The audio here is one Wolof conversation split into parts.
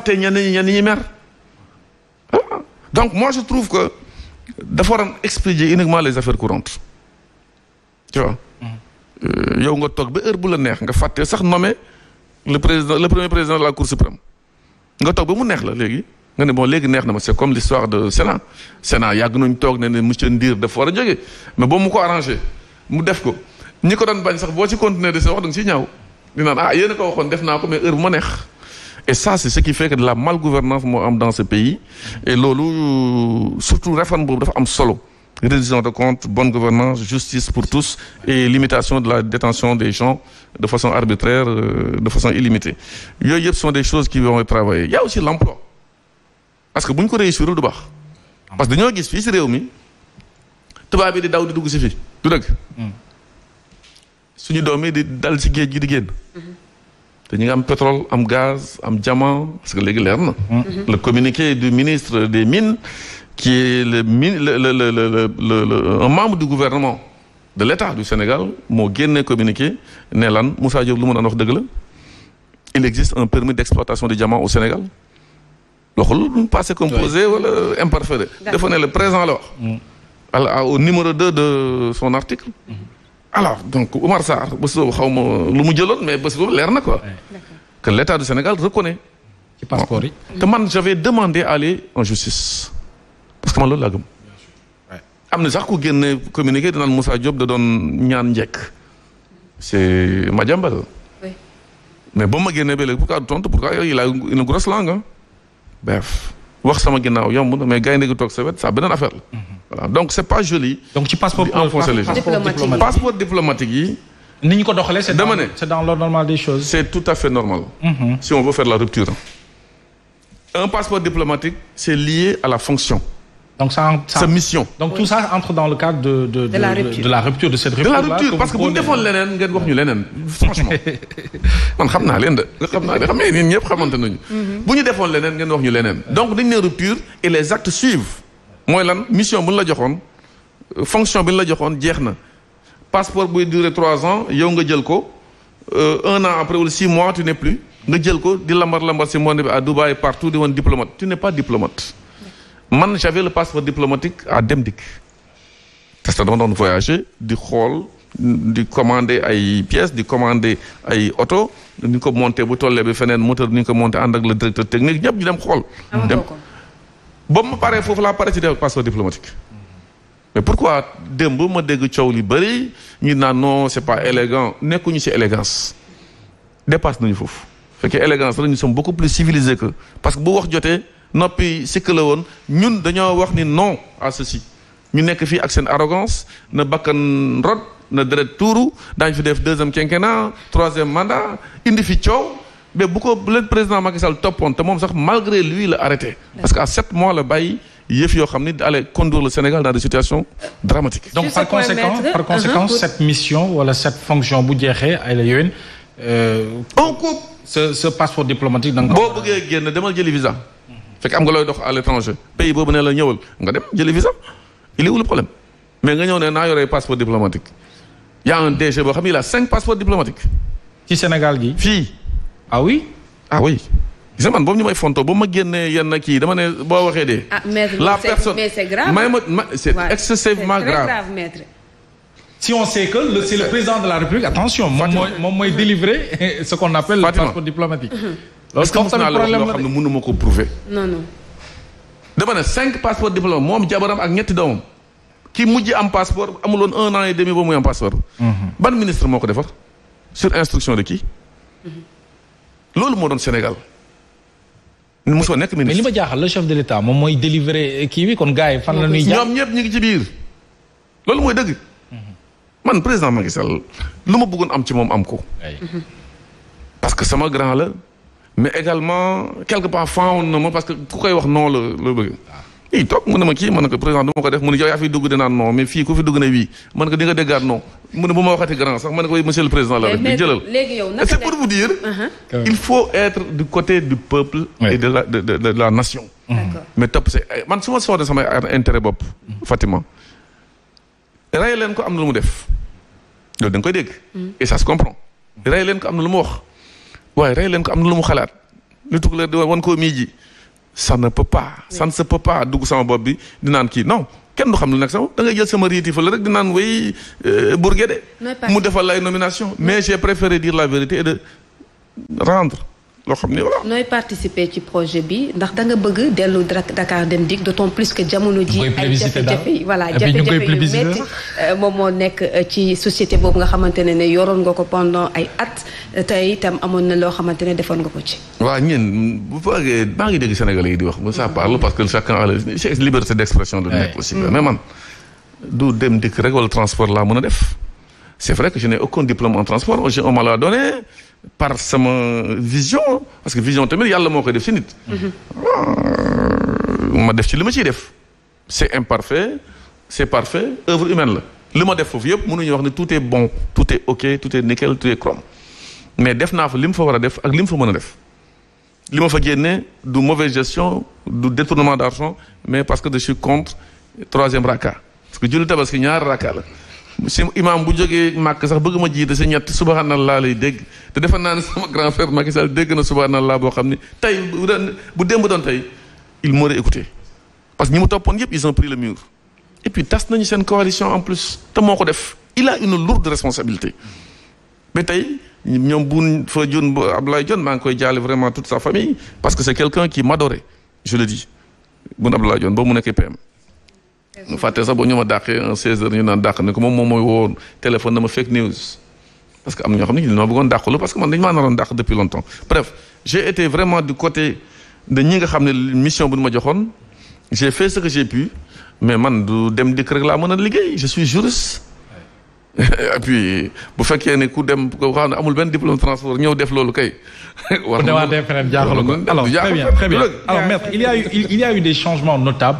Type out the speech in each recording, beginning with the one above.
te ñenn ñi ñenn ñi mer donc moi je trouve que dafa waroon expédier uniquement les affaires courantes tu vois. Euh, yow nga toog ba heure bu la neex nga fàtte sax nommé le président le premier président la cour suprême nga toog ba mu neex la léegi nga ne bon léegi neex na ma c'est comme l'histoire de Sénat Sénat yàgg nañu toog ne ne monsieur Ndir dafa war a jógee mais boo mu ko arrangé mu def ko ñi ko doon bañ sax boo ci continuer de sa wax da nga ciy ñaaw ah, a ko waxoon def naa ko mais heure bu et ça c'est ce qui fait que de la malgouvernance moo am dans ce pays et loolu surtout réforme boobu dafa am solo révision de compte bonne gouvernance justice pour tous et limitation de la détention des gens de façon arbitraire euh, de façon illimitée yooyu yëpp son des choses qui vont travailler y a aussi l'emploi parce que bu ñu ko réussir du baax parce que dañoo gis fii si réew mi tubaab bi di daw di dugg si fii du dëgg hmm. suñu doom yi di dal si géej gi di génn hmm. dañu nga am pétrole am gaz am diamant parce que léegi leer na. Mhm. le communiqué du ministre des mines qui est le min le le le le le un membre du gouvernement de l'État du Sénégal moo génne communiqué ne lan Moussa Diop lu mu daan wax dëgg la il existe un permis d'exploitation de diamant au Sénégal. waxul passé composé wala imparfait dafa ne le présent la mm. wax. au numéro 2 de son article. Mm-hmm. alors donc Oumar Sarr bés boobu xaw ma lu mu jëloon mais bés boobu leer na quoi. que l' état du Sénégal reconnaît. yi. te man j'avais demandé à aller en justice. parce que man loolu laa gëm. am na sax ku génne communiqué dinaan Moussa Diop da doon ñaan njekk c' est Madiambal. mais ba ma génnee ba léegi pourquoi du tontu pourquoi il a une grosse langue ah. wax sama ginnaaw yomb na mais gaynde gi toog sa wet sa beneen affaire la. Mm-hmm. voilà donc c'est pas joli. donc ci passeport passeport diplomatique yi. c'est dans c'est normal des choses. c'est tout à fait normal. Mm-hmm. si on veut faire la rupture. un passeport diplomatique c'est lié à la fonction. donc ça mission. tout ça entre dans le cadre de la rupture de cette rupture de la rupture parce que bu ñu defoon leneen ngeen wax ñu leneen franchement man xam naa leen de xam naa de xam ne ñun ñëpp rupture et les actes suivent. mooy lan mission bu ñu la joxoon fonction bi ñu la joxoon jeex na passeport buy durer trois ans yow nga jël ko euh, un an après wala six mois tu n'es plus nga jël ko di lambar lambar si monde bi à Dubaï partout di woon diplomate tu n'es pas diplomate. man j'avais le passeport diplomatique à dem dikk parce que dama doon voyager di xool di commander ay pièces di commander ay oto ni ñu ko monté bu tollee bi feneen moteur bi ni ñu ko monté ànd ak le directeur technique ñëpp ñu dem ba mu paree foofu laa pare ci passeport diplomatique. Mm-hmm. mais pourquoi démb ma dégg coow li bëri ñu naa non c'est pas élégant nekkuñu ci élégance dépasse nañu foofu fekkee élégance la ñu sommes beaucoup plus civilisés que parce que bu wax jotee noppi sikk la woon ñun dañoo wax ni non à ceci ñu nekk fii ak seen arrogance na bakkan rot na deret tuuru daañu fi def deuxième quinquennat troisième mandat indi fi coow. mais bu ko leen président Macky Sall toppoon te moom sax malgré lui la arrêté. parce que à sept mois la bàyyi yëf yoo xam ni allait conduire le Sénégal dans des situations ne donc par conséquent par mission wala cette fonction bu jeexee ay la yowin. on euh, coupe ce ce passeport diplomatique. da nga boo bëggee génn demal jëli visa. fekk am nga looy dox à l'étranger pays boobu ne la ñëwal nga dem jëli visa il est où problème mais nga ñëw ne naa yore passeport diplomatique y a un DG boo xam ne il a cinq passeports diplomatiques. ci Sénégal gi fii. ah oui. ah oui gis man boobu ñu may fonto ba ma génnee yenn kii dama ne boo waxee de. Ah, la personne may ma ma c'est excessivement grave. si on sait que le c'est président de la République attention. moom mooy moom mooy délivrer ce qu'on appelle. le passeport diplomatique. loolu comme tamit problème la de loo xam ne mënu ma ko prouver. non non. dama ne cinq passeport diplomate moom jabaram ak ñetti doomam ki mujj am passeport amuloon un an et demi ba muy am passeport. Mhm. ban ministre moo ko defar sur instruction de qui. Mhm. loolu moo doon Sénégal. soo nekk ministre mais li ma jaaxal le chef de l'état moom mooy délivrer kii bi kon gars yi fan la ñuy jaar ñoom ñëpp ñu ngi ci biir loolu mooy dëgg. man président Macky Sall lu ma buggoon am ci moom am ko. parce que sama grand la mais également quelque part woon na ma parce que ku koy wax non la la bëgg. Ah. i toog mu ne ma kii ma ne ko président du ma ko def mu ne yow yaa fi dugg dinaan non mais fii ku fi dugg ne wii man ko di nga déggaat non mu ne bu ma waxati grand sax ma ne ko monsieur le président la rek jëlal c'est pour vous dire uh-huh. il faut être du côté du peuple et de la de de la nation mmh. mais topp si eh, man su ma soxla sama bopp mmh. Fatima rey leen ko am na lu mu def loolu da nga koy dégg mmh. et ça comprend rey leen ko am na lu mu wax wa rey leen ko am lu mu xalaat lu ça ne peut pas ça ne dugg sama bopp bi di naan kii non kenn du xam lu nekk sama da jël sama riiti fa la rek di naan way euh, Bourguédé mu defal lay nomination mais j'ai préféré dire la vérité et de rendre loo xam ne voilà. nooy participer ci projet bi ndax danga bëgg dellu Dakar dem dikk d'autant plus que jamono ji ay eh jafe-jafe yu euh, moom moo nekk euh, ci société boobu nga xamante ne ne yoroon nga ko pendant ay at euh, tey itam amoon na loo xamante ne defoon nga ko ci. waaw ñeen bu maa ngi dégg Sénégalais yi di wax ça parle parce que chacun a la liberté d'expression de nekk aussi mm. mais man du dem dikk rek transport laa mën a def c'est vrai que je n'ai aucun diplôme en par sama vision parce que vision tamit yàlla moo koy def ci nit. Mhm. ma def ci li ma ciy def. c'est imparfait c'est parfait œuvre humaine la li ma def foofu yëpp mënuñu wax ne tout est bon tout est ok tout est nickel tout est chrome mais def naa fa li mu fa war a def ak lim mu fa mën a def. li ma fa génne du mauvaise gestion du détournement d'argent mais parce que de suis contre troisième raka parce que julli tabaski ñaari raka la. si imaam bu jógee màkk sax bëgg ma jiite si ñett subhanallah lay dégg te defe naa ne sama grand frère Macky Sall dégg na subhanallah boo xam ne tey bu démb doon tey il m'aurait écouté parce que ñi mu toppoon yëpp ils ont pris le mur et puis tas nañu seen coalition en plus te moo ko def il a une lourde responsabilité mais tey ñoom buun fa jun Abdoulaye Dione maa ngi koy jaale vraiment toute sa famille parce que c'est quelqu'un qui m'adorait je le dis buun mu nekkee PM fàtte sax boo ñu ma dàqee un 16 heures ñu naan dàq ne ko moom moom mooy woo téléphone na fake news parce que am ñoo xam ne ñu noo bëggoon dàqalu parce que man dañu maa dàq depuis longtemps bref j'ai été vraiment du côté de ñi nga xam ne mission bu ñu ma joxoon j'ai fait ce que j'ai pu mais man du dem dikk rek laa mën a liggéey je suis juriste et puis bu fekkee ne ku dem ko xam ne amul benn diplôme transport ñëw def loolu kay. war na ko alors très bien très bien alors il y a eu a eu des changements notables.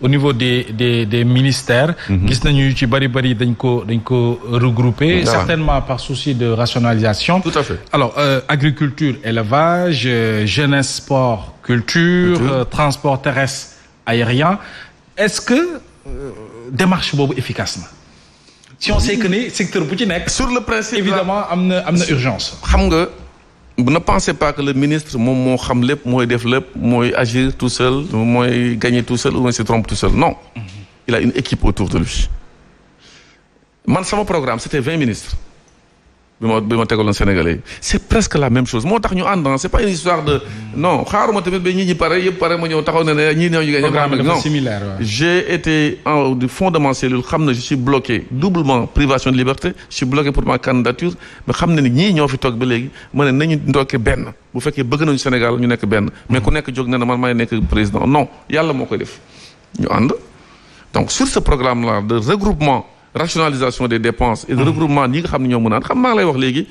au niveau des des des ministères. Mhm. gis nañu yu ci bari bari dañ ko dañ ko regrouper. Ah certainement par souci de rationalisation. tout à fait euh, agriculture élevage euh, jeunesse sport culture. culture. Euh, transport terrestre aérien est-ce que euh, démarche boobu efficace na. si on sait que ni secteur bu ci nekk. sur le principe évidemment am na am na urgence. xam nga. ne pensez pas que le ministre moom moo xam lépp mooy def lépp mooy agir tout seul mooy gagner tout seul ou bien se trompe tout seul non mhm. il a une équipe autour de lui man sama programme c'était vingt ministres bi ma bi ma tegaloon Sénégalais yi c' est presque la même chose moo tax ñu ànd c' est pas une histoire de non xaaruma tamit ba ñi ñi pare yëpp pare ma ñëw taxaw na ñii ñoo xam na je suis bloqué doublement privation de liberté je suis bloqué xam na ni ñii ñoo fi toog ba léegi ma ne nañu ndokke benn bu fekkee bëgg nañu Sénégal ñu nekk benn. mais ku nekk jóg na ne man maay nekk président non yàlla moo koy def ñu ànd donc sur ce programme là de regroupement. rationalisation des dépenses et de regroupement ñi nga xam ne ñoo mën naan xam maa ngi lay wax léegi